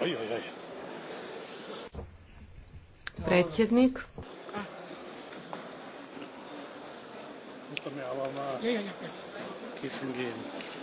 Oj, oj, oj. Predsjednik. Ja, ja,